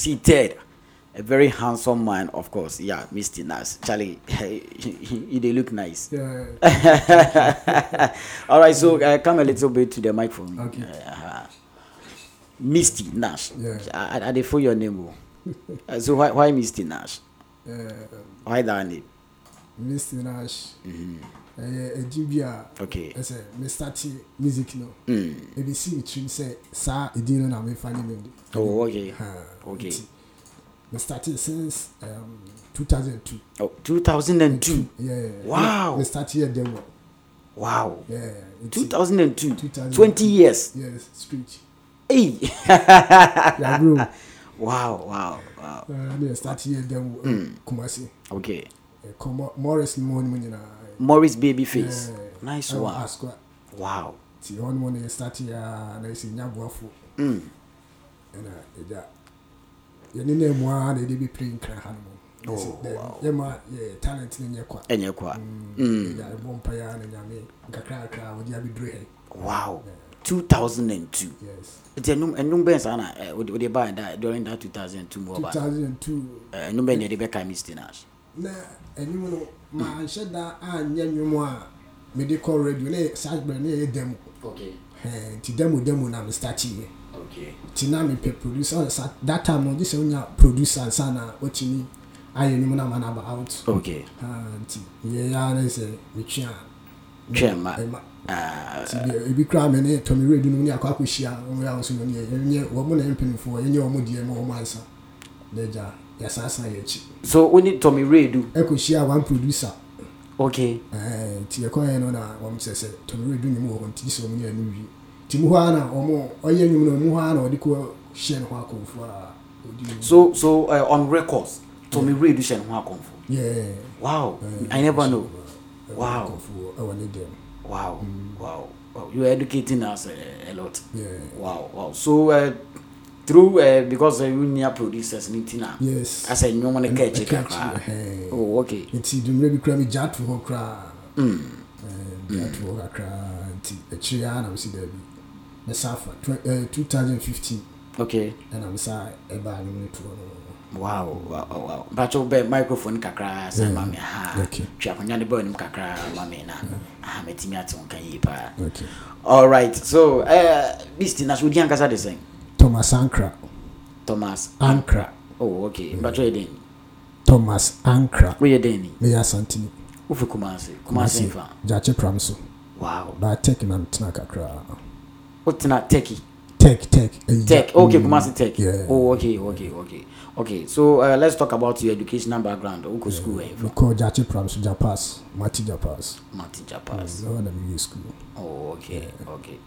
seated a very handsome man of course yeah mr nas charlie you they look nice yeah. all right so uh, come a little bit to the mic for me okay. uh, misty nash yeah. I, I, default your name oh. uh, so why, why misty nash uh, why that name misty nash mm-hmm ɛyɛ ɛdi bi a ɛsɛ mɛ stati music no hmm. ebi si mi tirim sɛ saa edi no na mi fa ne mi di. ɔwɔ yɛ ok mɛ stati since um, 2002. Oh, 2002 yeah, wow mɛ stati yɛ demo. wow yeah, Two thousand 2002 2002 twenty years. yes street. Hey. yeah, bro. Wow, wow, wow. Uh, yeah, start here then Kumasi. Okay. Uh, Morris ni mo ni mo nyinaa. Morris Babyface. Yeah. Nice one. Asqua. Wow. Ti ɔno mo ne start ya na mm. oh, esi nyabuafo. Mm. Ɛna ɛgya. Yɛne na emu ara na yɛde bi pray nkira ha no mo. Oh, yɛma yɛ talent ne nyɛ kwa. Ɛnyɛ kwa. Ɛgya ɛbɔ mpa ya na nyame nkakra kakra wɔde abidure hɛ. Wow. Two Yeah. 2002. Yes. It's a num and numbers and uh, eh, would they buy that during that 2002 mobile? 2002. Uh, number and they became Mr. Nash na anim no manhyɛ da anyɛ nnwom a mede kɔ radio na saa berɛ no yɛyɛ dɛm nti dɛmu dɛmu na mestakyiyɛ nti na mepɛ producer sa that time no gye sɛ producer nsa na watumi ayɛ nnwom no ama no aba out nti yɛyɛa ne sɛ metwe a twɛma ebi kura mi ne tɔmi redu nu ni akɔ akɔ hyia wɔn yɛ ahosuo ni yɛ yɛ wɔn na mpanyinfoɔ yɛ nyɛ wɔn deɛ ma wɔn ansa n'agya yɛsasan yɛ akyi. so wo ne tommy ray du. ɛkɔhyia one producer. okay. ɛɛ nti yɛ kɔn yɛn no na wɔn kyerɛ sɛ tommy ray du ne mu wɔ hɔ nti sɛ wɔn yɛ ne wie mu hɔ ara na ɔyɛ nnwom na mu hɔ ara na kɔ hyɛ ne ho akɔnfo a so so uh, on records tommy ray do hyɛ ne ho akɔnfo. yeah. wow uh, i never know. Eh, wow. ɛwɔ ne dɛm. wow wow. you are educating us a, a lot. Yeah. Wow, wow. So uh, through uh, because uh, eh, wonya producers ne nti na yes. asɛ nnwom no ka akyi kakraa oh, okay nti dummerɛ bi kora megya to hɔ koraa gya to hɔ kakraa nti akyiri a na mesi daabi eh, two thousand fifteen. okay ɛna mesa ɛbaa e no mene toɔ no wow wow wow you bɛ microphone kakra sɛ ma me ha Okay. akonya ne bɛɔ nim kakra ma me na aha mɛtumi ate wo ka yie paa all right so uh, beast as we wodi ankasa de sɛn thomas ankra thomas ankra oh okay mpatwa yɛ den thomas ankra woyɛ den ni meyɛ asantini wofi kumase kumase mfa gyakye pram so wow ba tek na metena kakra wotena oh, teki tech tech uh, tech okay mm, kumasi tech yeah. oh okay okay okay okay so uh, let's talk about your educational background uko yeah. school eh we call jachi pram so japas mati japas mati japas mm, no na school oh okay yeah. okay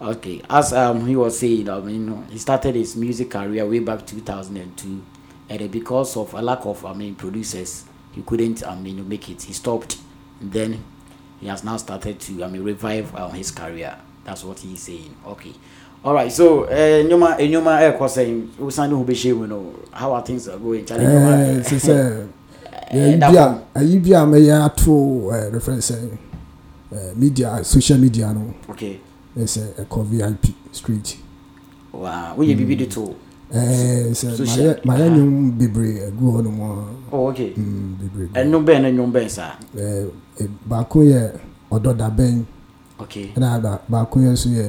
Okay, as um, he was saying, I um, mean, he started his music career way back 2002, and because of a lack of, I mean, producers, he couldn't, I um, mean, make it. He stopped. then he has now started to, I mean, revive um, his career. That's what he's saying. Okay. All right. So, eh, Nyoma, Enyoma, eh, I eh, was saying, Usani Hubeshi, you know, how are things uh, going? Yeah, uh, yɛyibia ɛyibia mɛyɛ ato ɛɛ reference ɛɛ media social media no. Okay ɛsɛ ɛkɔ vip street. waa woyɛ bibi de to. ɛɛ sɛ mayɛ mayɛ nyom bebree ɛgu hɔ nom a. ɔ ok bebree. ɛnu bɛn na nyom bɛn saa. ɛɛ baako yɛ ɔdɔda bɛn. ok ɛna baako yɛ nso yɛ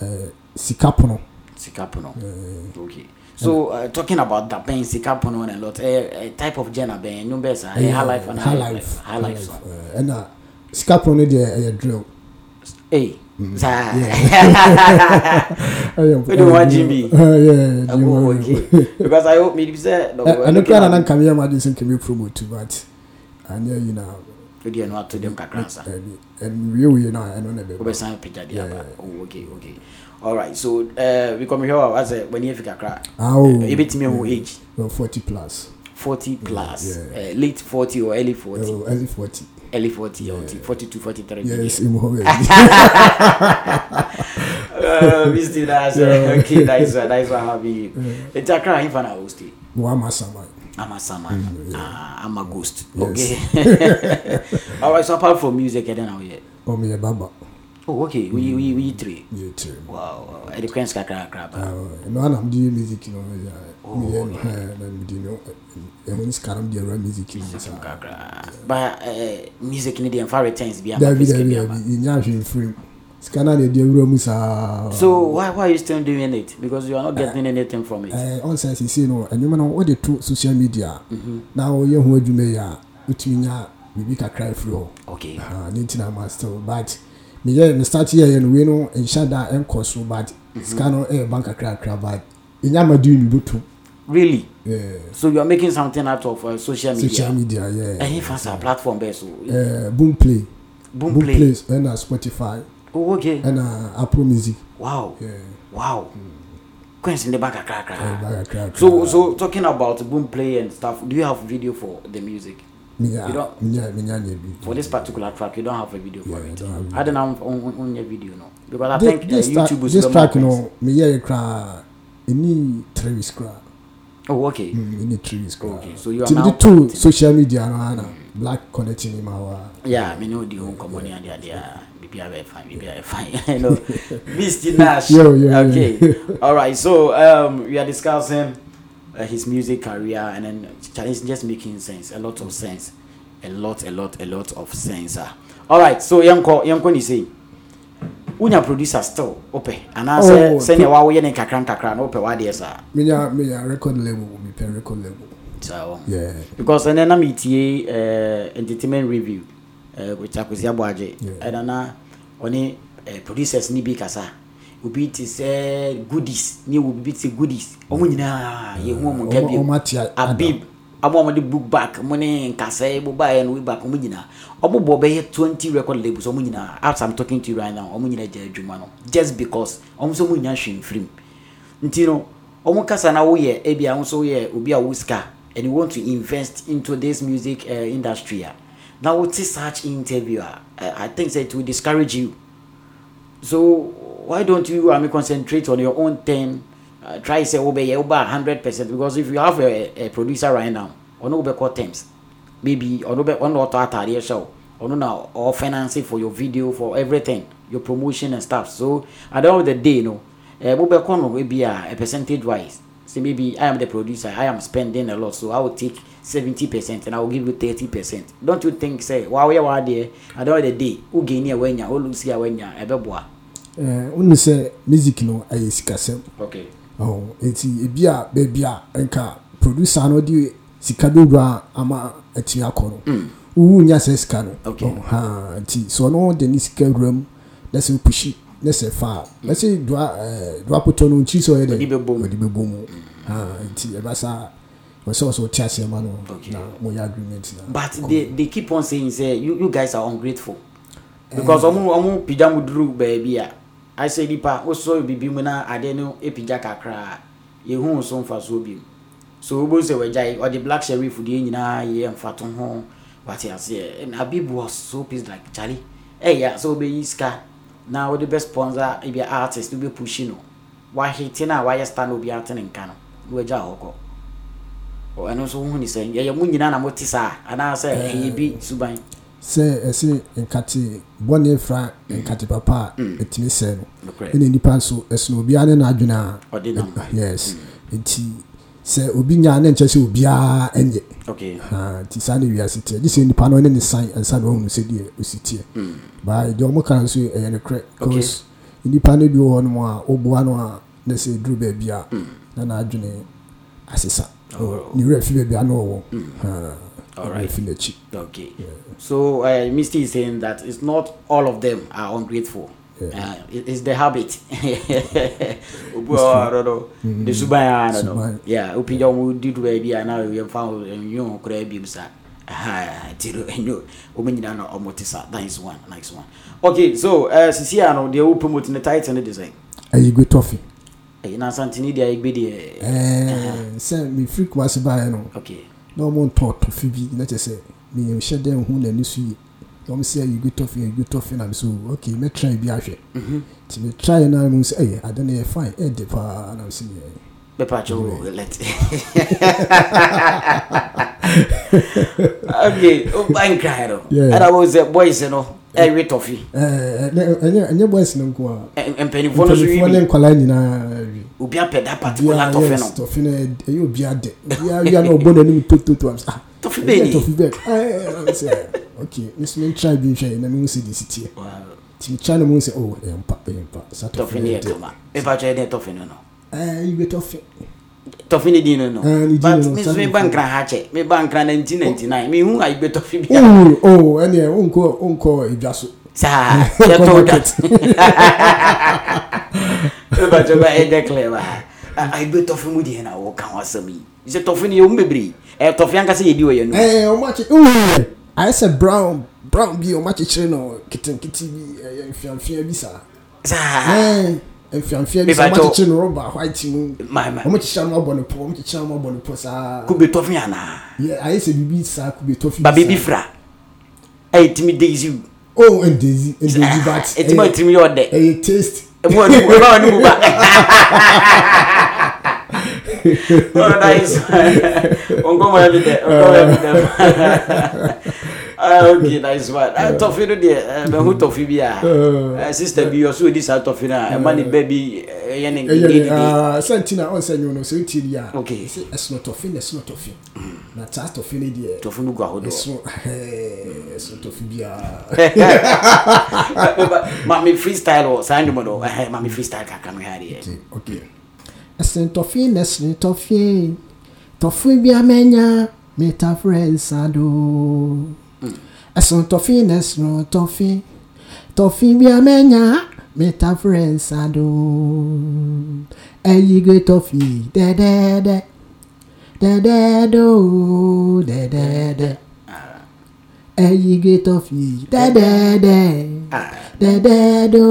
ɛɛ eh, sika pono. sika pono eh. ok. So uh, talking about the band, Sika Pono and a lot, a, eh, a type of genre band, you know, uh, high life and high, high life, life, high life, high life. Uh, and uh, Sika Pono, the a drill. Hey saa wode wa because i hope mede sɛ ɛno kra nana nkameɛ ma de sɛ nkɛmɛ promote but anyɛ yi na wode ɛno ato dɛm kakra nsa wie wie no ɛno ne bɛwobɛsan pagya de aba ok ok alright so uh, bikɔmehwɛ wa wasɛ w'ani afi kakra ɛbɛtumi eh, ahu age 40 plus 40 plus yeah. uh, late 40 or early 40 oh, early 40 early 40 yeah. or 42, 43. Yes, yeah, Imo uh, we still that's yeah. okay, that's why that's why happy. It's a crime if I host it. I'm a saman. I'm a saman. Mm, yeah. uh, I'm a ghost. Yes. Okay. All right. So apart from music, I don't know yet. Oh, me a baba. oh okay woyi woyi woyi tiri. wow ɛdi kɔn sika kra kra ba. ɛnu ah, oh, ana music eh, oh, na ɔyɛ ya mi yɛ ɛɛ na mi di no ɛhun sika music na eh, music ni deɛ nfa returns bi a ma fi sika bi a ma. dabi dabi so why why are you still doing it because you are not getting eh, anything from it. ɛɛ ɔnsa sisi no ɛnum na o de to social media. Mm-hmm. na o yɛ ho adwuma yi a o ti nya bibi kakra efiri hɔ. okay. Ah, ne ti na ma but ne yɛ ne start yɛ yɛ no wei no nhyɛ da nkɔ so but mhm. sika no ɛyɛ ban kakrakra but ɛnya di ne butu. really yeah. so you are making something out of uh, social media social media yeah ɛyin fa sa platform bɛɛ so. Uh, eh, boom play boom, boom play ɛna spotify. oh okay ɛna uh, apple music. wow yeah. wow. Mm. Quincy in the back, crack, crack. So, so talking about boom play and stuff, do you have video for the music? you don't for this particular track you don't have a video for yeah, it i don't have on, on your video no because i think this uh, youtube this track no me hear cry any three weeks cry oh okay mm, any three weeks cry okay so you are now two social media no na uh, black connecting in my yeah me know the home company and their bibi are fine bibi are fine you know mr nash yo, yo, okay yo. all right so um we are discussing uh, his music career and then Chinese just making sense, a lot of sense, a lot, a lot, a lot of sense. Uh. All right, so Yanko, Yanko, you say, Unya producer still open, and I say, send a wow, Yan Kakran Kakran, open, what is that? Mina, record label, me pen record label. So, oh. yeah, because eh, and then I'm ETA uh, entertainment review, uh, eh, which I was Yabuaje, eh, and then I only producers Nibi Kasa obi te sɛ goodies ne wɔ obi te goodies ɔmo nyinaa yɛhu ɔmo nka bio abib ɔmo ɔmo de book back mo ne nkasa mo ba yɛ no way back ɔmo nyinaa ɔmo bɔ bɛyɛ twenty record labels ɔmo nyinaa as i'm talking to you right now ɔmo nyinaa gya adwuma no just because ɔmo sɛ ɔmo nyinaa hwɛ mfirim nti no ɔmo kasa na woyɛ ebi a so yɛ obi a wo sika and you want to invest into this music uh, industry a na wote such interview a uh, i think say it will discourage you so. why don't you I mean, concentrate on your own thing? Uh, try say obey oh, yeah, over 100% because if you have a, a producer right now, on over call terms, maybe on over on auto atari show, on now or financing for your video for everything, your promotion and stuff. So at the end of the day, you know, eh, oh, uh, obey kono will be a, a percentage wise. So maybe I am the producer, I am spending a lot, so I will take 70% and I will give you 30%. Don't you think, say, wow, yeah, wow, there, at the end of the day, who gain here when you, who lose here when you, Eh, wonu sɛ music no ɛyɛ sikasɛm nti ebi a baabi a nka producer no de sika bi wura ama atumi akɔ no mm. nya sɛ sika no nti sɛ ɔno de ne sika wura mu na sɛ wopushi na sɛ fa mm. na sɛ duapotɔ eh, no nkyi sɛ ɔyɛ dɛ ɔde bɛbɔ mu mm. nti ɛba saa wọ́n sọ tí a ṣe ma nù na mo yà agreement na. but they they keep on saying say you, you guys are ungrateful. Eh. because ọmú ọmú pidjamu duru bẹẹbi a. asɛ nipa wosɔ bibi mu na adeɛ no apagya kakra yɛhu so mfasoɔ bi mu so wobɛhu sɛ wagyae ɔde black sheriff deɛ nyinaa yɛ mfato ho wate aseɛ and abib was so pissed like charlie ɛyɛ sɛ wobɛyi sika na wode bɛ sponsor ebi artist wobɛ pushi no wahete no a wayɛ star no obiara te ne nka no na wagya hɔ kɔ ɛno nso wohu ne sɛ ɛyɛ mo nyinaa na mote saa anaasɛ ɛyɛ bi eh. suban sɛ ɛsɛ nkate bɔne fra nkate papa a mm. ɛtumi sɛ no ɛna nnipa nso ɛsono obiara ne n'adwene a yes mm. nti sɛ obi nyaa ne nkyɛ sɛ obiara ɛnyɛ nti saa ne wiase teɛ gye sɛ nnipa no ɔne ne san ansa na ɔhunu sɛ deɛ ɔsi teɛ mm. baa deɛ ɔmo ka nso ɛyɛ no korɛ cause nnipa no bi wɔ hɔ a woboa no a na sɛ ɛduru baabi a na n'adwene asesa oh. ne werɛ fi baabi a na All right. Okay. Yeah. So uh, Misty is saying that it's not all of them are ungrateful. Yeah. Uh, it, it's the habit. well, I don't know. Mm-hmm. The subaya, I don't know. Yeah, upi jom u did we be and now uh, you found you could be sa. Tiro enyo. na omo That is one. Next one. Okay, so uh, sisi ano they will promote the title and the design. Ayi go trophy. Ayi eh, na santini dia igbe dia. Eh, eh say me free kwasi ba no. Okay na wɔn ntɔ tɔfe bi na kyɛ sɛ meyɛ hyɛ dɛ ho na ani so yie na wɔn si ayɛ gu tɔfe gu tɔfe na so ok mɛ try bi ahwɛ mhm. nti mɛ try na mo sɛ ɛyɛ ade no yɛ fine ɛyɛ de paa na mo si yɛ. bɛpa kyɛ wo let ok woba nkrae no ɛna wo sɛ boys no ɛwe tɔfe eh, eh, ɛnyɛ boys no nko a mpanimfoɔ no so wi bi mpanimfoɔ ne nkwalaa nyinaa wi obi apɛ da particular tɔfɛ no tɔfɛ no ɛyɛ obi adɛ obi awia na ɔbɔ n'anim tototo am ah tɔfɛ oh, bɛɛ ni tɔfɛ bɛɛ ɛɛ ɛɛ sɛ okay nso mi try bi nhwɛ na mi n si di si tiɛ ti mi try na mi n sɛ oh ɛyɛ mpa ɛyɛ mpa sa tɔfɛ ni yɛ kama epa kyerɛ ne tɔfɛ no no ɛɛ iwe tɔfɛ tɔfɛ ne din no no but mi nso mi ba nkran ha kyɛ mi ba nkran nineteen ninety nine mi hu ayi bɛ tɔfɛ bi a. o oh, ɛni ɛ o nkɔ o nkɔ idwa saa yɛ da. bàtɛ bá ẹ dẹkilẹ wa ayi bɛ tɔfin mu di yɛn na o kan wa sɛbi sɛ tɔfin ni o mu bebree ɛ tɔfin an ka se yɛ di o yɛ nu. ɛɛ o ma ti ɛɛ a brown brown eh, bi eh, o ma ti kyerɛ nɔ kitikiti bi ɛɛ nfianfiɛ bi sa. saa ɛɛ nfianfiɛ bi sa o ma ti kyerɛ nɔ white mu o ma ti kyerɛ nɔ bɔ ne pɔ o ma ti kyerɛ nɔ bɔ ne pɔ saa. kube tɔfin yana. yɛ a yɛ sɛ bibi sa kube tɔfin. ba bibi fira ɛ eh, yɛ timi deiziw. o ɛ deizi Daisy, deizi baati. ɛ timi ɛ timi yɛ ɔdɛ. ɛ yɛ taste ẹmu ọdún mu ẹmu ọdún mu bá ọ̀rọ̀ náà yìí sọ ọ̀nkọ́mọ ẹ̀mí dẹ ọ̀nkọ́mọ ẹ̀mí dẹ ok nice one ah, tɔfin eh, ah. eh, eh, ah, no deɛ mɛhu tɔfin bi a sista bi ɔso odi saa tɔfin no na ɛma ne bɛ bi ɛyɛ ne nkeke didi. sɛ ntina ɔnsɛn nyɛ ɔno sɛ ntina yɛ a ɛsono tɔfin na mm. na saa tɔfe ne deɛ tɔfe no gu ahodoɔ ɛso ɛso tɔfe biara me freestyle wɔ saa ndwom dɔ me freestyle kakra no ha deɛ okay ɛsen tɔfe na ɛsen tɔfe tɔfe bia mɛnya meta frɛnsa do ɛsen tɔfe na ɛsen tɔfe tɔfe bia mɛnya meta frɛnsa do ɛyi de de de da da do da da da ẹyin get off me da da da da da do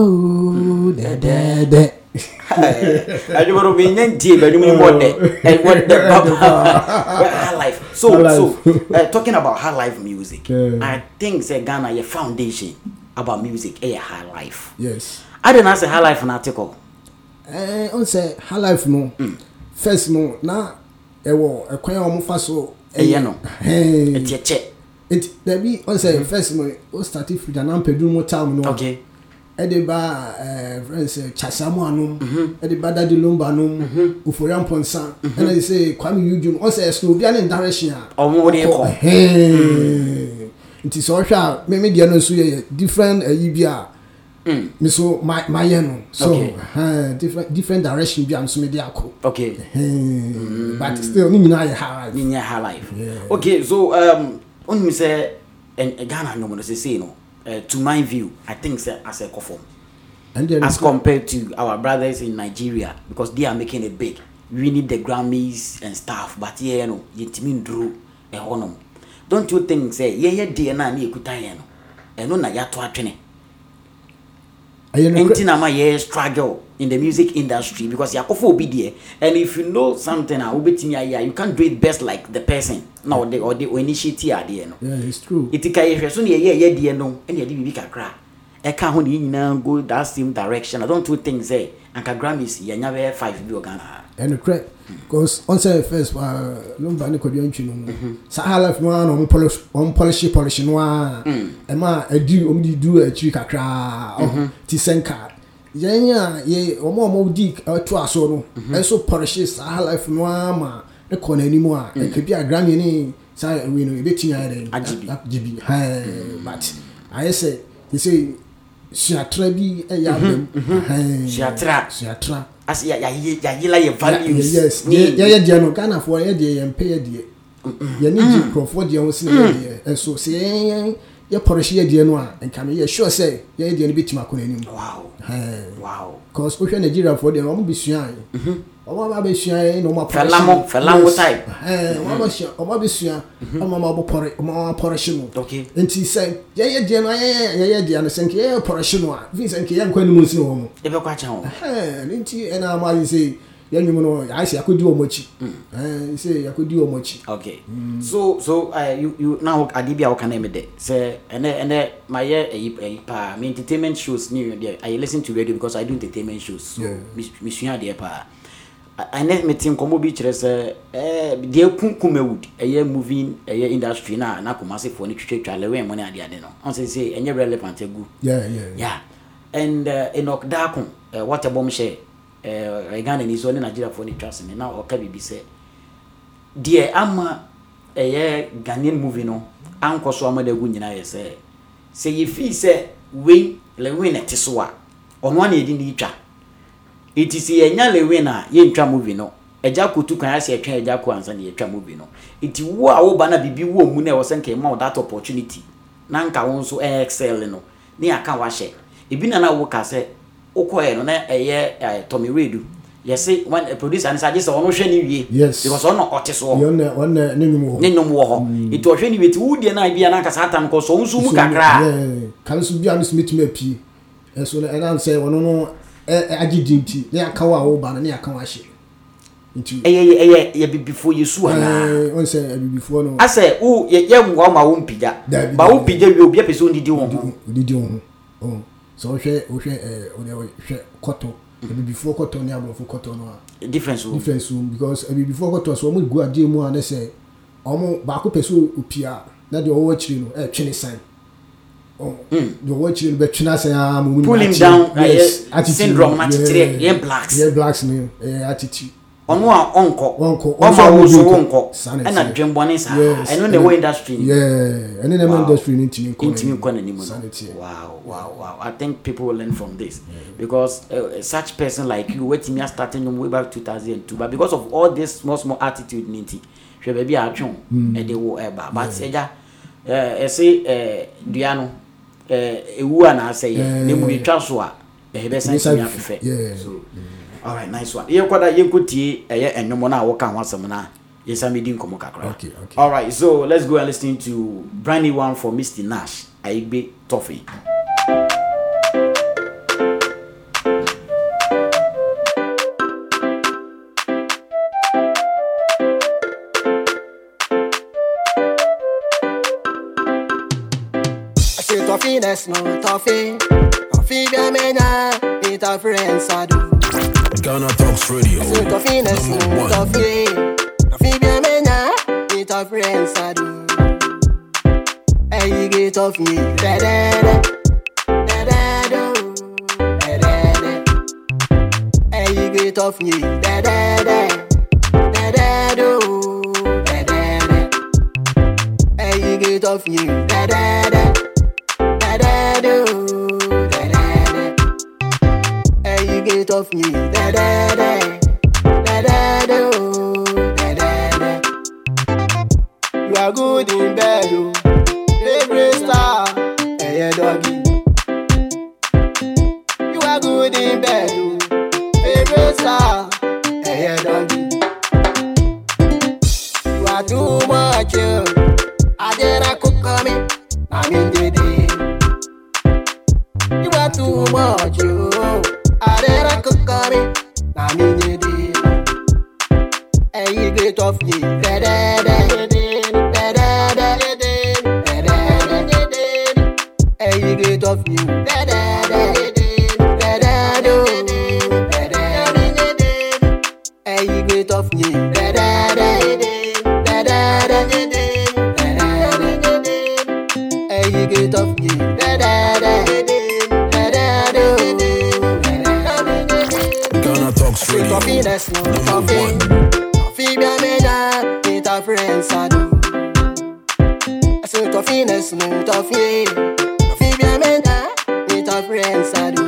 da da da. I adumadu mi nye ntie bɛ dumuni bɔ dɛ ɛ wɔ dɛ papa high life so so uh, talking about high life music yeah. i think say ghana yɛ foundation about music ɛyɛ eh, high life. yes. adana sɛ high life na ati kɔ. ɛɛ n sɛ high life no mm. first no na. ɛwɔ ɛkwan a wɔn fa so ɛyɛ eh, no ɛtiɛ kyɛ nti dabi ɔn sɛ first mo o start firi dana mpɛdu mo town no ɛde e ba ɛɛ eh, friends kyasamu eh, anum ɛde mhm. e ba dadi lomba anum ofori mhm. ampɔnsa ɛna mhm. e de sɛ kwame yuju ɔn sɛ ɛsɛ obi ani direction a ɔmo de kɔ nti sɛ ɔhwɛ a mímí deɛ no nso yɛ different ɛyi bi a me mm. so my my no so okay. uh, different different direction bi am so me dey akọ okay eh, but mm. still ni nyinaa yɛ high life ni nyinaa high life okay so um onimi sɛ ghana anwom no sesei eh, no to my view i think sɛ asɛ kɔ fam as compared to our brothers in nigeria because they are making it big we need the grammys and stuff but yɛ no yɛtumi nduro ɛhɔnom don't you think sɛ yɛyɛ deɛ no a ne yɛkuta yɛn no ɛno na yɛato atwene nti na ma yɛ struggle in the music industry because yakɔfo obi deɛ and if you know something a wobɛtumi ayɛ a you can do it best like the person na ɔde ɔde ɔinitiate adeɛ no ɛti ka yɛhwɛ so ne yɛyɛ yɛ deɛ no ɛne yɛde biribi kakra ɛka ho ne yɛ nyinaa go that same direction i don't do things sɛ anka grammys yɛnya bɛyɛ five bi wɔ ghana ɛnokorɛ because ɔn sɛ first paa lomba ne kɔdua ntwi no mu saa halaf no ara na ɔm pɔlihye pɔlihye no ara ɛma adi ɔm de du akyiri kakraa ɔho ti sɛnka yɛn a yɛ ɔmo a ɔmo di ɛto aso no ɛso pɔlihye saa halaf no ara ma ne kɔ n'anim a ɛkabi a grammy ne sa, ɛwi no ebetumi ayɛ dɛ agibi hɛɛ but ayɛ sɛ yɛ sɛ suatra bi ɛyɛ abɛm suatra suatra ase yà yàyí la yẹ values. yes yẹ yẹ no ghana fo yẹ diẹ yẹ mpẹ yẹ diẹ yẹ ni ji nkurɔfoɔ diẹ ho sinmi yẹ diẹ ɛso sɛ yɛn yɛ pɔrɔsi yɛ diɛ no a nka no yɛ sure sɛ yɛ diɛ no bi tìmɛ akɔnɔ anim. wow wow. cause wohwɛ nigeria fo diɛ wɔn bi sua yɛ ọmọ bá bẹ sua yẹn na ọmọ apọrọ si mu fẹlamọ type ẹ ọmọ bẹ sua ọmọ bẹ sua mhm. ọmọ ọmọ bọ pọrọ ọmọ ọmọ apọrọ si mu nti sẹ yẹyẹ diẹ no ayẹyẹ yẹyẹ diẹ no sẹ nke yẹyẹ pọrọ si mu a fi sẹ nke yẹ nkọ ẹni mu nsi wọn mu. ẹ bẹ kọ àkyẹ wọn. ẹ ní ti ẹ náà máa yin sẹ yẹn nyum no yà á sẹ yàkó di wọn akyi mm. ẹ sẹ yàkó di wọn akyi. okay mm. so so uh, you you now adi bi a ọkan mi dẹ sẹ ẹnẹ ẹnẹ ma yẹ ẹyi ẹyi paa mi entertainment shows ni yẹn dẹ i lis ten to radio because i do entertainment shows so mi sua adiẹ paa ɛnɛ mete nkɔmmɔ bi kyerɛ sɛ deɛ ku kumawood ɛyɛ moving ɛyɛ industry no a na kɔmasefoɔ no twitwatwa lɛwɛn mu ne adeade no ɔnsɛ sɛ ɛnyɛ relevant agu ya and enok uh, daako uh, wɔtɛbɔm hyɛ uh, ghana ni so ne nigeriafoɔ no twa sene na ɔka biribi sɛ deɛ ama ɛyɛ ghanaian movie no ankɔ so ama de agu nyinaa yɛ sɛ sɛ yɛfii sɛ wei lɛwɛn na ɛte so a ɔno a na yɛde ne twa nti sɛ yɛnya lewi no a yɛntwa movie no agya kotu kwan asɛ ɛtwa agya ko ansa na yɛtwa movie no nti wo a woba no biribi wo mu no ɛwɔ sɛ nka ɛma e wo that opportunity na nka wo nso ɛyɛ excel no ne yɛaka wahyɛ ebi nana woka sɛ wokɔɛ no na ɛyɛ e e, tommy redu yɛse producer ne sɛ agye sɛ ɔno hwɛ ne wie because ɔno ɔte soɔ ne nnwom wɔ hɔ mm. nti ɔhwɛ ne wie nti wodeɛ no a bia na anka saa tam kɔ so wo nso mu kakra a ka nso bia no ɔno no agye di nti ne aka wo a woba no ne aka wo ahyɛ nti bibifoɔ yɛ su anaa no asɛ wo yɛ yɛ mmoa ma wo mpigya ma wo pigya wie obi apɛ sɛ ɔndidi wɔn ho ɔdidi wɔn ho sɛ wohwɛ wohwɛ ɛɛ ɔdɛ hwɛ kɔtɔ abibifoɔ kɔtɔ ne aborɔfo kɔtɔ no a difference wo difference because abibifoɔ kɔtɔ so wɔn gu adeɛ mu a ne sɛ wɔn baako pɛ sɛ opia na deɛ ɔwɔ akyire no ɛɛtwe ne sign Hmm. the one chin bɛtwena sɛn a mu mu pull him down yes attitude syndrome atitirɛ yɛ blacks yɛ blacks ni ɛɛ attitude ɔno a ɔnkɔ ɔnkɔ ɔma woso ɔnkɔ ɛna dwembɔne saa ɛno na ɛwɔ industry ni ɛne na ɛma industry ni ntumi nkɔ ntumi nkɔ n'anim no wow wow wow i think people will learn from this because uh, such person like you wetumi a start nnwom way back 2002, but because of all this small small attitude ni nti hwɛ baabi a hmm. atwe ɛde wo uh, ɛba but ɛgya ɛsɛ dua no. Eh, ewu anaasɛ yɛ eh. ne mu etwa so a ɛyɛ bɛ san sini afɛfɛ so alright nice one yɛn kɔda yɛn ko tie ɛyɛ ɛnwom na wɔka ho asɛm na yɛn san di nkɔmɔ kakra alright so let's go and lis ten to brandy one for mr nash ayigbe tɔfin. Toughiness no toughy. Toughy be a mena, it a friends I Ghana Talks Radio. So toughiness no toughy. Toughy be a mena, it a friends I Hey, you get off me, da da da. Get off me, da da da, da da do, da da da. Hey, you get off me, da da da. bit of me. Da da da, da da da, oh. da da da. You are good in bed, oh, star, hey, yeah, doggy. friends are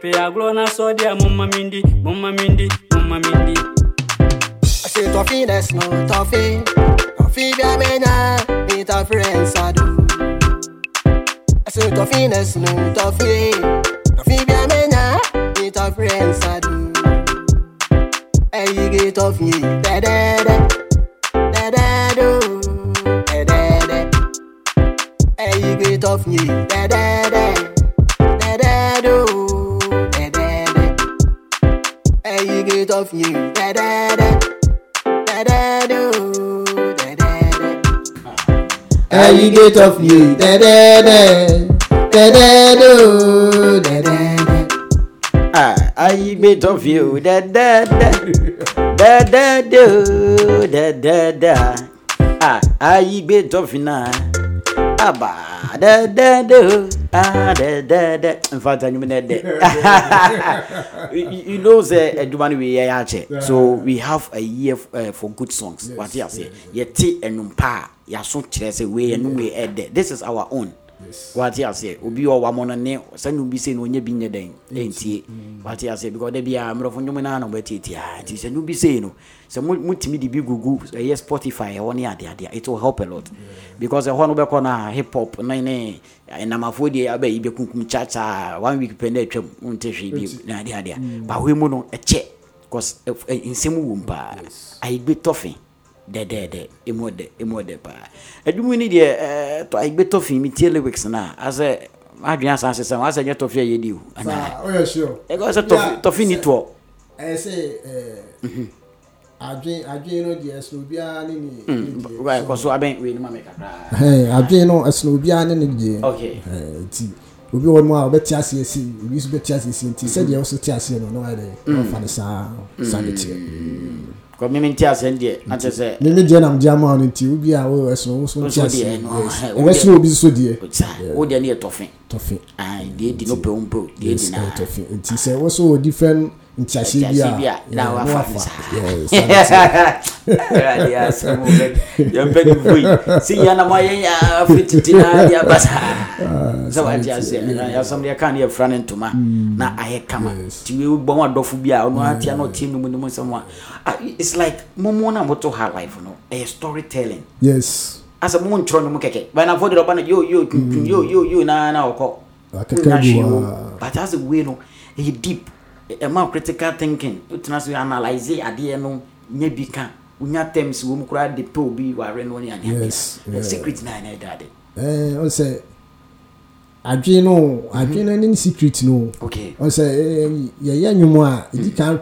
pe aglo na so dia mumma mindi, mumma mindi, mumma mindi. I say toffee, that's not toffee. Toffee be a mena, meet a friends I do. I say toffee, that's not toffee. Toffee be a mena, meet a friends I do. Hey, you get toffee, da da da, da da do, da da da. Hey, you get toffee, da da da. you get off you. Da da da. Da da do. Da da da. Ah, I get off you. Da da da. Da da do. Da da da. Ah, I get off now. Abba. Ah, da da do ah dɛ dɛ dɛ nfa ta ɲuman dɛ dɛ you know sɛ adwuma we wiyɛ yɛ so we have a year uh, for good songs wate aseɛ yɛte ɛnum paa yɛaso kyerɛ sɛ wei ɛnum wei ɛdɛ this is our own wate aseɛ obi wɔ wamɔ no ne sɛne obi sei no ɔnyɛ bi nyɛ dɛn mm. na ntie wate aseɛ because da biaa mmerɛfo nnwome no a na wɔbɛtiatia nti sɛne obi sei no sɛ motumi de bi gugu ɛyɛ spotify ɛhɔ ne adeadeɛ it will help a lot because ɛhɔ no wobɛkɔ no a hip hop ne ne ɛnamafoɔ eh, deɛ abɛyi bɛkunkum kyakyaa one week pɛ no e atwam wonte hwee bio ne adeadeɛ mm. bahoi mu no ɛkyɛ because eh, eh, nsɛm wom paa ayɛgbɛtɔfe dɛdɛɛdɛ ɛmu ɔdɛ ɛmu ɔdɛ paa adwuma ni deɛ ɛɛ tɔ ayi bɛ tɔfin mi tie lyrics na asɛ adwuma san sisan asɛ nyɛ tɔfin a yɛ di o. saa o yɛ sure. ɛgbɛ sɛ tɔfin tɔfin ni tɔ. ɛɛ sɛ ɛɛ mhm. adwin adwin no deɛ ɛsɛ obiara ne ne. ɛɛ mm, kɔsɔ abɛn wei ni ma mi kakra. ɛɛ adwin no ɛsɛ obiara ne ne deɛ. ok ɛɛ ti obi wɔ mu a ɔbɛte aseɛ si obi nso bɛte aseɛ si nti sɛdeɛ mhm. ɔso te aseɛ no ɔno ayɛ dɛ mm. ɔfa ne saa mm. saa ne teɛ kò mímí ti asɛn deɛ na kyerɛ sɛ. mímí deɛ nam diama ɔno nti obi a wɔyɛ ɛsɛn wɔn so ti asɛn ɛwɛ so obi so deɛ. o deɛ ne yɛ tɔfin. tɔfin ayi deɛ di no pewu pewu deɛ di naa. tɔfin nti sɛ wɔn so wɔ different nkyase bi a na wa fa fi yɛn bɛ ni foyi si yɛn na afi titi na yɛ ba saa sɛ wate aseɛ yɛasɛm mm. deɛ ɛka ne yɛfra no ntoma mm. na ayɛ kama nti webɔ wo adɔfo bi a ɔno atia na mm. ɔtie nomu nomu nsɛm a its like momo na moto ha life no ɛyɛ story telling yes asɛ momo nkyerɛ no mu kɛkɛ bɛnafo deɛ ɔba no yo yo yo yo na na ɔkɔ but as wei no ɛyɛ deep ɛma critical thinking wotena so analyse adeɛ no nyɛ bi ka wonya terms wɔ mu koraa de pɛ obi ware no ne aneadeɛ secret na ɛnɛ dade ɔsɛ adwene no mhm. adwene no ne ne secret no ɔsɛ eh, eh, yɛyɛ nnwom a ɛdi kan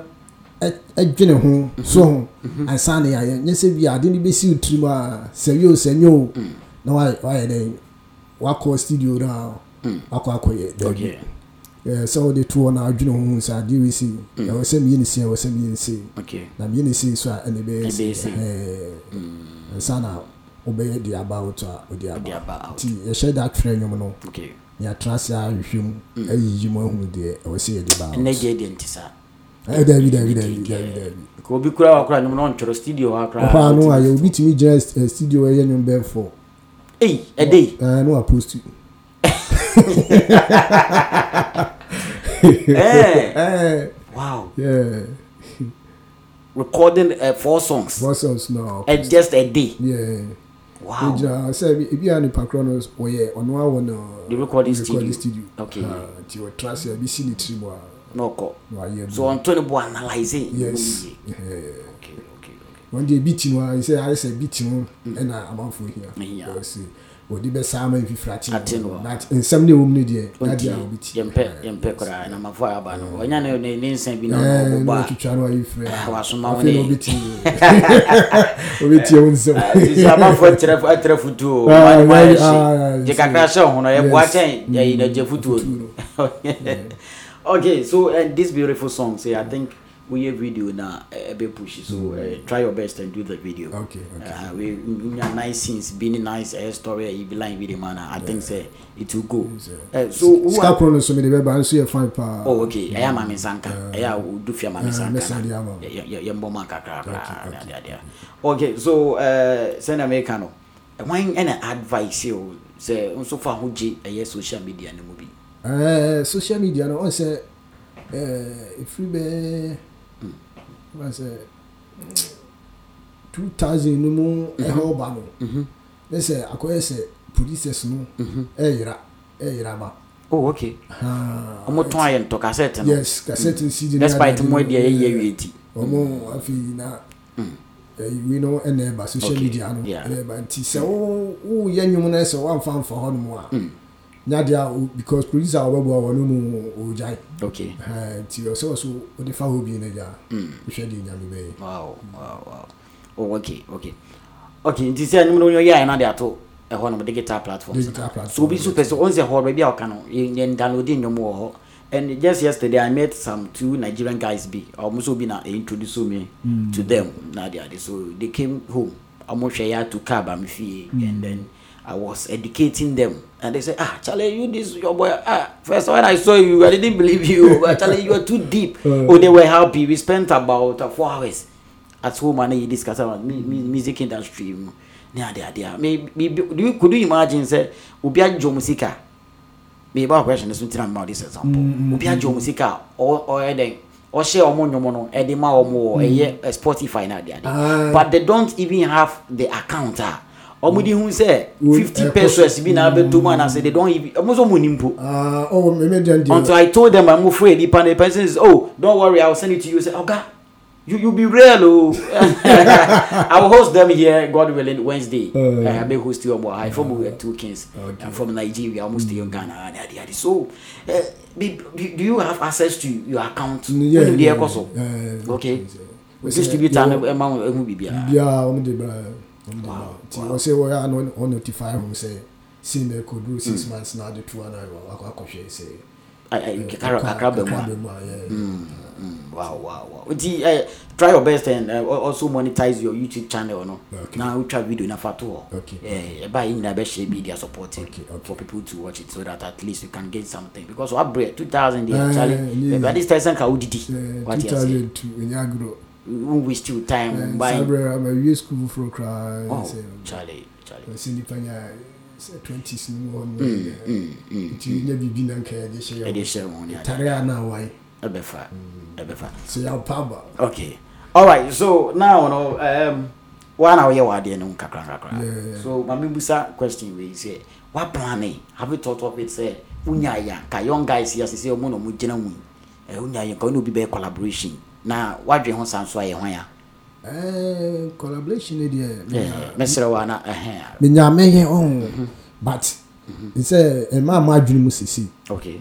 ɛdwene ho mhm. so ho mhm. ansa na yɛayɛ nyɛ sɛ bi ade no bɛsi wotirim a sɛwie o sɛnwe o na wayɛ dɛn wakɔ studio no a wakɔ akɔyɛ daabi sɛ wode toɔ no adwene ho sɛ adeɛ wei sei ɛwɔ sɛ meyɛ ne sei ɛwɔ sɛ meyɛ ne sei na meyɛ ne sei so a ɛne bɛyɛ mm. ansa na wobɛyɛ de aba wo to a wode aba nti yɛhyɛ da twerɛ nnwom no okay yɛatena ase ahwehwɛ mu mm. ayiyi mu ahunu deɛ ɛwɔ sɛ yɛde baa ɛnɛ deɛ deɛ nti saa ɛyɛ dabi dabi dabi dabi dabi obi kura wa kura nnwom na ɔntwerɛ studio wa kura ɔfa ano ayɛ obi tumi gyina studio ɛyɛ nnwom bɛn fɔ eyi ɛde yi ɛɛ no wa post yi ɛɛ wow yeah recording uh, four songs four songs now uh, just a day wow gyina sɛ ebi a nipa korɔ no wɔyɛ ɔno awɔ na the recording studio recording studio okay ah, nti ɔtra sɛ ebi si ne tiri mu a na ɔkɔ na wayɛ no so ɔntɔ ne bo analyze yes wɔn deɛ ebi ti mu a sɛ ayɛ sɛ ebi ti mu mm. ɛna amanfo hia ɛsɛ wɔde bɛsa ama mfifiri ate ate no but nsɛm ne ɛwom no deɛ nadeɛ a wobɛti yɛmpɛ yɛmpɛ koraa na mafo a aba no ɔnya eh. no ne ne nsa bi na ɔbɔbɔ eh, a twitwa no ayi frɛ ah, wasoma wo ne wobɛti wobɛti wo nsɛm sɛ amafo atrɛ atrɛ futuo gye kakra hyɛ ho no yɛboa kyɛn yɛyi na mm, gye futuo okay so uh, this beautiful song say i think We have video na ɛbɛ eh, eh, push so uh, try your best and do the video okay, okay. Uh, we nya nice scenes bi nice uh, story a ibi line bi de ma na i think sɛ it will go uh, so sika koro no so mi de bɛ ba nso yɛ fine paa oh okay ɛyɛ maame nsanka ɛyɛ a odu I maame nsanka na yɛ mbɔ ma kakra okay so sɛnɛ mi ka no wɔn ɛna advice you say sɛ nso fa ho gye ɛyɛ social media ne movie. bi. social media no ɔn sɛ ɛɛ efiri bɛɛ sɛ two thousand no mu mhm. ɛhɛ ɔba no mhm. ne sɛ akɔyɛ sɛ producers no mhm. ɛyera ɛyera ba. oh okay ɔmo tɔn ayɛ ntɔ cassette no yes cassette n cd na despite mm. mo deɛ yɛ yɛ wie ti. ɔmo afei na ɛyiwe no ɛna ɛba social media no ɛna ɛba nti sɛ wo wo yɛ nnwom na sɛ wɔn afa nfa hɔ nom a. Mm nyadeɛ because producer a wɔbɛboa wɔ no mu ɔgyae nti ɔsɛ wɔ so wode fa hɔ bii no gyaa wohwɛ de nyame bɛyɛ nti sɛ nom no ɔyɛ ayɛ no de ato ɛhɔ nom digital platform so obi so pɛ sɛ ɔnsɛ hɔ baabi a ɔka no yɛndanlode nnwom wɔ hɔ and just yesterday i met some two nigerian guys bi ɔmo so bi na introduce me hmm. to them na de ade so they came home ɔmo hwɛ yɛ ato car ba me fie hmm. and then mm. I was educating them. And they say, ah, Charlie, you this, your boy, ah. First when I saw you, I didn't believe you. But Charlie, you are too deep. Uh. oh, they were happy. We spent about uh, four hours at home and they discussed about mu- mu- music industry. Ne ade ade a. Maybe, could you imagine, say, obi adwo mu sika? Maybe our question is something about this example. Mm-hmm. Obi adwo mu sika, or, or, eh, or, share ɔmo nnwom no ɛde eh, ma ɔmo wɔ ɛyɛ spotify now ade ah. but they don't even have the account Uh, ɔmo de hu sɛ fifty pesos bi na abɛto mu anase they don even ɔmo nso mo ni mpo. ɔwɔ ah, oh, mmemme deɛ deɛ. until i told them i'm afraid The pan the person says oh don't worry i will send it to you say oga. Okay. You, you'll be real, oh. I will host them here, God willing, Wednesday. Uh, yeah. Eh, I may host you about I ah, from uh, two kings. Okay. I'm from Nigeria, almost mm. in Ghana. So, uh, be, do you have access to your account? Mm, yeah, yeah, yeah, eh, yeah, yeah. Okay. Yeah. Distributor, yeah. Yeah. Yeah. Yeah. Yeah. Yeah wɔn de ma nti wɔsɛ wɔyɛ a na wɔn notify wɔn sɛ si na ɛkɔ duro six hmm. months na adi two ana akɔ akɔhwɛ sɛ kakra bɛ mu a wow wow wow uh, try your best and uh, also monetize your youtube channel no okay. na wotwa video na fa to hɔ ɛba yɛ nyinaa bɛhyɛ bi their support okay, okay. for people to watch it so that at least you can gain something because wabrɛ 2000 deɛ chale baabi adi sɛ sɛnka wodidi wate ase won waste your time yeah, by sabre ama wie school for cry oh say, um, charlie charlie eh, eh, say nipa nya 20s ni mo no ti nya bibi na nka ye she ye she won ya tare ana wai ebefa ebefa mm. so ya paba okay all right so now no um one hour yawa de no kakra kakra so mami busa question we say what planning have you thought of it say unya ya ka young guys here say omo no mo gina mu eh unya ya ka no bi be collaboration na wadwe ho san so ayɛ hwan a collaboration ni deɛ mesrɛ wa na menya meyɛ ɔn but sɛ ɛma ma adwene mu sisi okay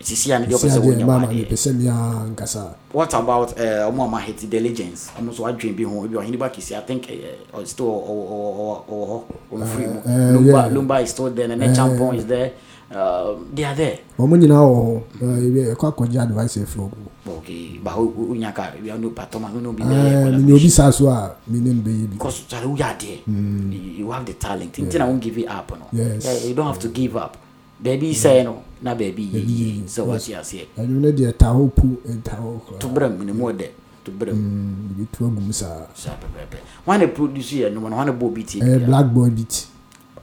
sisi a ne deɛ ɔpɛ sɛ wɔnyɛ sɛ mea nkasa what about ɔmo uh, ama hate diligence ɔmo nso adwene bi ho ebi ɔhene ba kesi i think uh, still ɔwɔ hɔ ɔmfiri mu lumba is still there ne champon is there Um, they are there. wɔn nyinaa wɔ hɔ ɛkɔ akɔgye advice ɛfiri ɔmo. ok ba o o nya ka ya no patɔma no bi bɛ. ɛɛ nin obi sa so a mi ne nin bɛ ye bi. because sari o y'a deɛ. you have the talent n tina n give it up no. yes yeah, you don't have to give up. baabi sɛɛ no na baabi yɛ yie sɛ wɔte aseɛ. ɛnu ne deɛ ta o pu ta o kora. to bɛrɛ mu ni mu ɔdɛ to bɛrɛ mu. Hmm, ibi tu agum saa. saa pɛpɛpɛ wɔn na produce yɛ numu na wɔn na bɔ obi ti. ɛɛ black boy beat.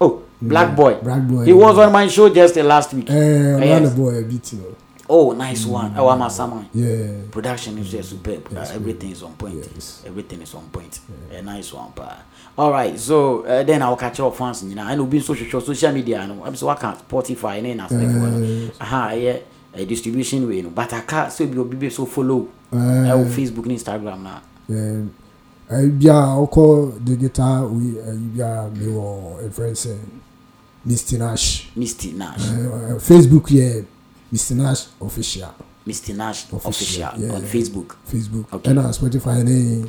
oh. Black Boy. Black Boy. He was on my show just the last week. Eh, uh, yes. boy, a bit, you oh. know. Oh, nice mm. one. Awama oh, Saman. Yeah. Production is just superb. Yes, uh, everything is on point. Yes. Everything is on point. Yeah. A eh, nice one, pa. All right. So uh, then I'll catch up fans. You know, I know being social social media. I know. I'm so I can't Spotify and then I uh, Aha, yeah. Uh, distribution way, you know. But I can't. So you'll be so follow. Uh, uh, Facebook, Instagram, now. Yeah. Uh, yeah. I'll call digital. We. Uh, yeah. Me or a friend saying. Mr. Nash. Mr. Nash. Uh, Facebook yẹ Mr. Nash official. Mr. Nash official, yeah, on Facebook. Facebook okay. ẹna uh, Spotify ni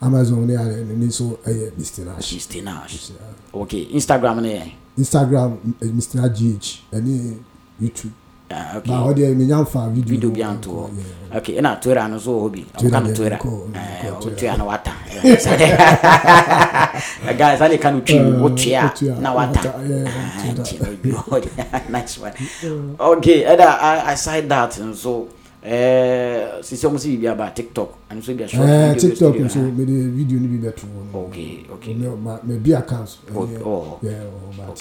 Amazon ni ara ẹni so ẹyẹ eh, Mr. Nash. Mr. Nash okay Instagram ni yẹ. Instagram uh, Mr. Nash gh ẹni YouTube ɔdeɛ ah, menya mfa video bi anto hɔ ok ɛna tora no so wɔ hɔ bi ɔka no tora eh, wotua na wata eh, saa de ka no twi wotua na wata ah, ok ɛda aside that nso Eh, sisi ɔmo si bi aba tiktok ɛno so bi a short eh, video tiktok nso eh. mi de video ni bi bɛ to wɔn ok ok mɛ ma mɛ bi account ɛyɛ ɛyɛ oh. oh,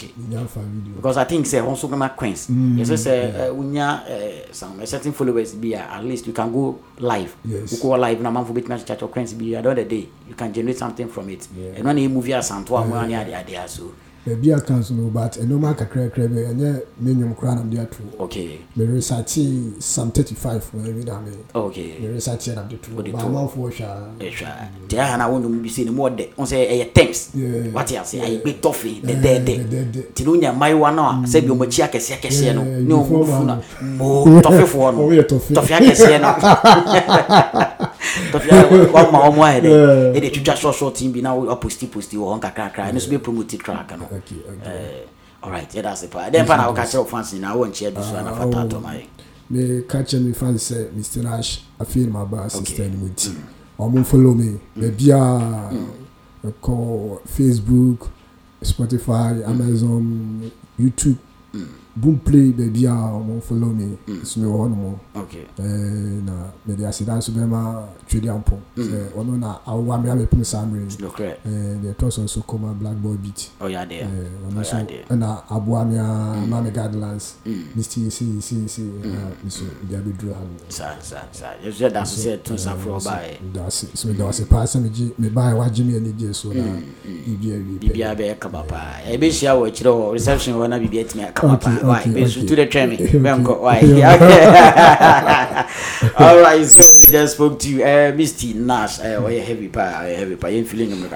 because i think sɛ wɔn nso kama coins yɛsɛ sɛ wunya some certain followers bi a ah, at least you can go live yes koko live na manfo betuma to chacho queens bi at the end of the day you can generate something from it ɛnua na e movie asanto a mo ani adi adi aso baabi a council no, but nneɛma kakrakra bi ɛnyɛ me nnwom na mde ato okay me researche sam 35 wɔ bi okay me researche na mde to ba amanfoɔ hwɛ ɛhwɛ na wɔn bi se ne mu ɔdɛ wɔn sɛ ɛyɛ thanks wate ase ayɛ gbe tɔfe dɛdɛɛdɛ ti no nya eh? mmayewa no a sɛbi wɔn akyi akɛseɛ akɛseɛ no mo tɔfefoɔ eh, oh, eh. no tɔfe akɛseɛ no wama wɔn ayɛ dɛ ɛde twitwa sɔsɔ tin bi na ɔposti posti wɔ hɔ nkakrakra ɛno nso bɛ promote track no eh, alright yɛda ase paa dɛn pa na wɔka kyerɛ wo fans nyinaa wɔnkyɛ bi so anafata atɔma yɛ me ka kyerɛ me fans sɛ mr ash afei ma ba sister no mu ti ɔmo follow me mm. baabiaa uh, mm. ɛkɔ facebook spotify mm. amazon youtube boom play baabi a ah, wɔn follow me hmm. nso eh, hmm. eh, mi wɔ hɔ ɛɛ na mɛde aseda nso bɛrima twedi ampɔ sɛ ɔno na awowa mi abɛpem saa mmiri ɛɛ deɛ ɛtɔ so nso kɔma blackboard beat ɛɛ ɔno nso ɛna aboa mi a maami guidelines ne si si si si ɛna nso deɛ abɛduru ha no. saa saa saa yɛ sɛ daase sɛ tun sanforo ɔbaa yɛ. daase so mi daase paa sɛ mi gye mi ba yɛ wa gye mi ani gye so na hmm, bibi awie pɛ. bibi abɛyɛ kaba paa ebi hyia wɔ akyire hɔ reception hɔ na bibi atumi akaba paa. understand why. Okay, okay. to the training. why? Okay. All right. So we just spoke to uh, Misty Nash. Uh, why heavy pa? Heavy pa? You feeling me?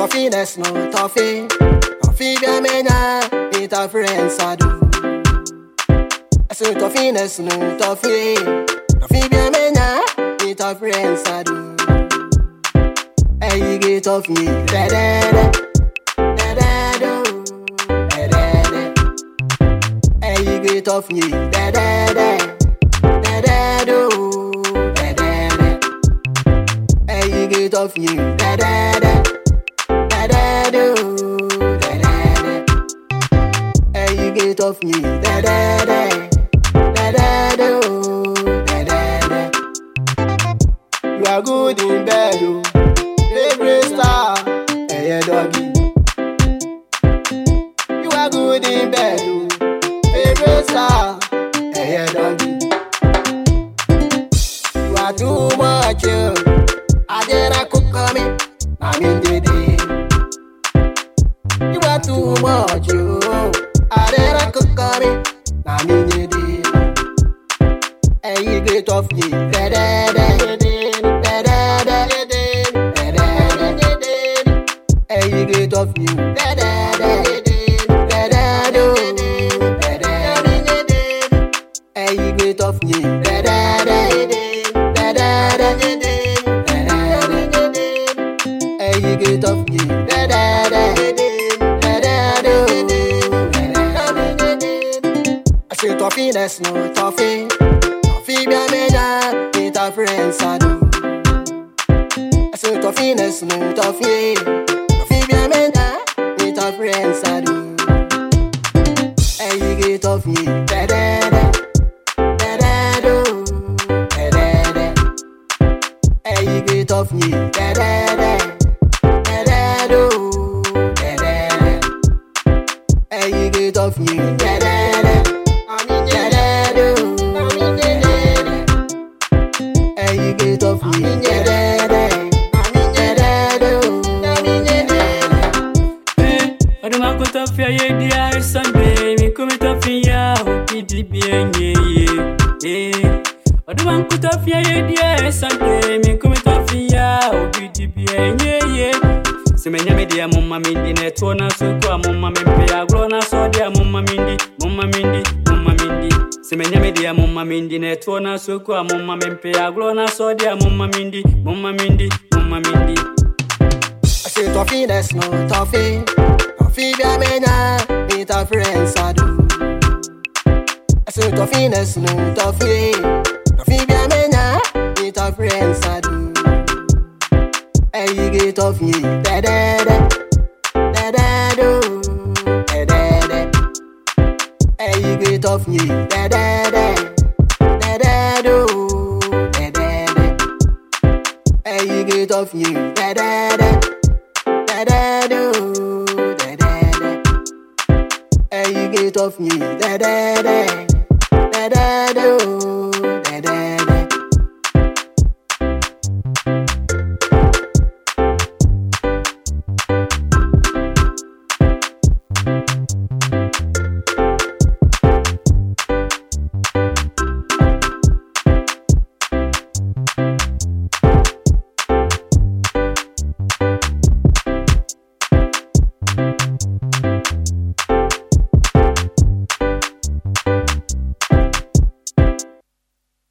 Toffee, that's no toffee. Toffee, be a man, it's a friend, so do. Se tua fines não tua fim Tua fim bem menha E tua prensa do da da da. Hey, you get É da da da, fim da Dededo da É e que tua fim Dedede da da da, da que tua da da Dededo Dedede É e que da da da. You are good in bed o, baby star, ẹ̀yẹ dọ́gì. You are good in bed o, baby star, ẹ̀yẹ dọ́gì. You are too much o. Muito fines, muito fim. Fim minha mente, muito friends, adoro. Se tua finesse não tá free Tua filha menha E tua prensa do É e que tua filha Dedede Dededo Dedede É e que tua filha Dedede Dededo Dedede É e que tua filha Dedede Dededo Dedede É e que tua filha Dedede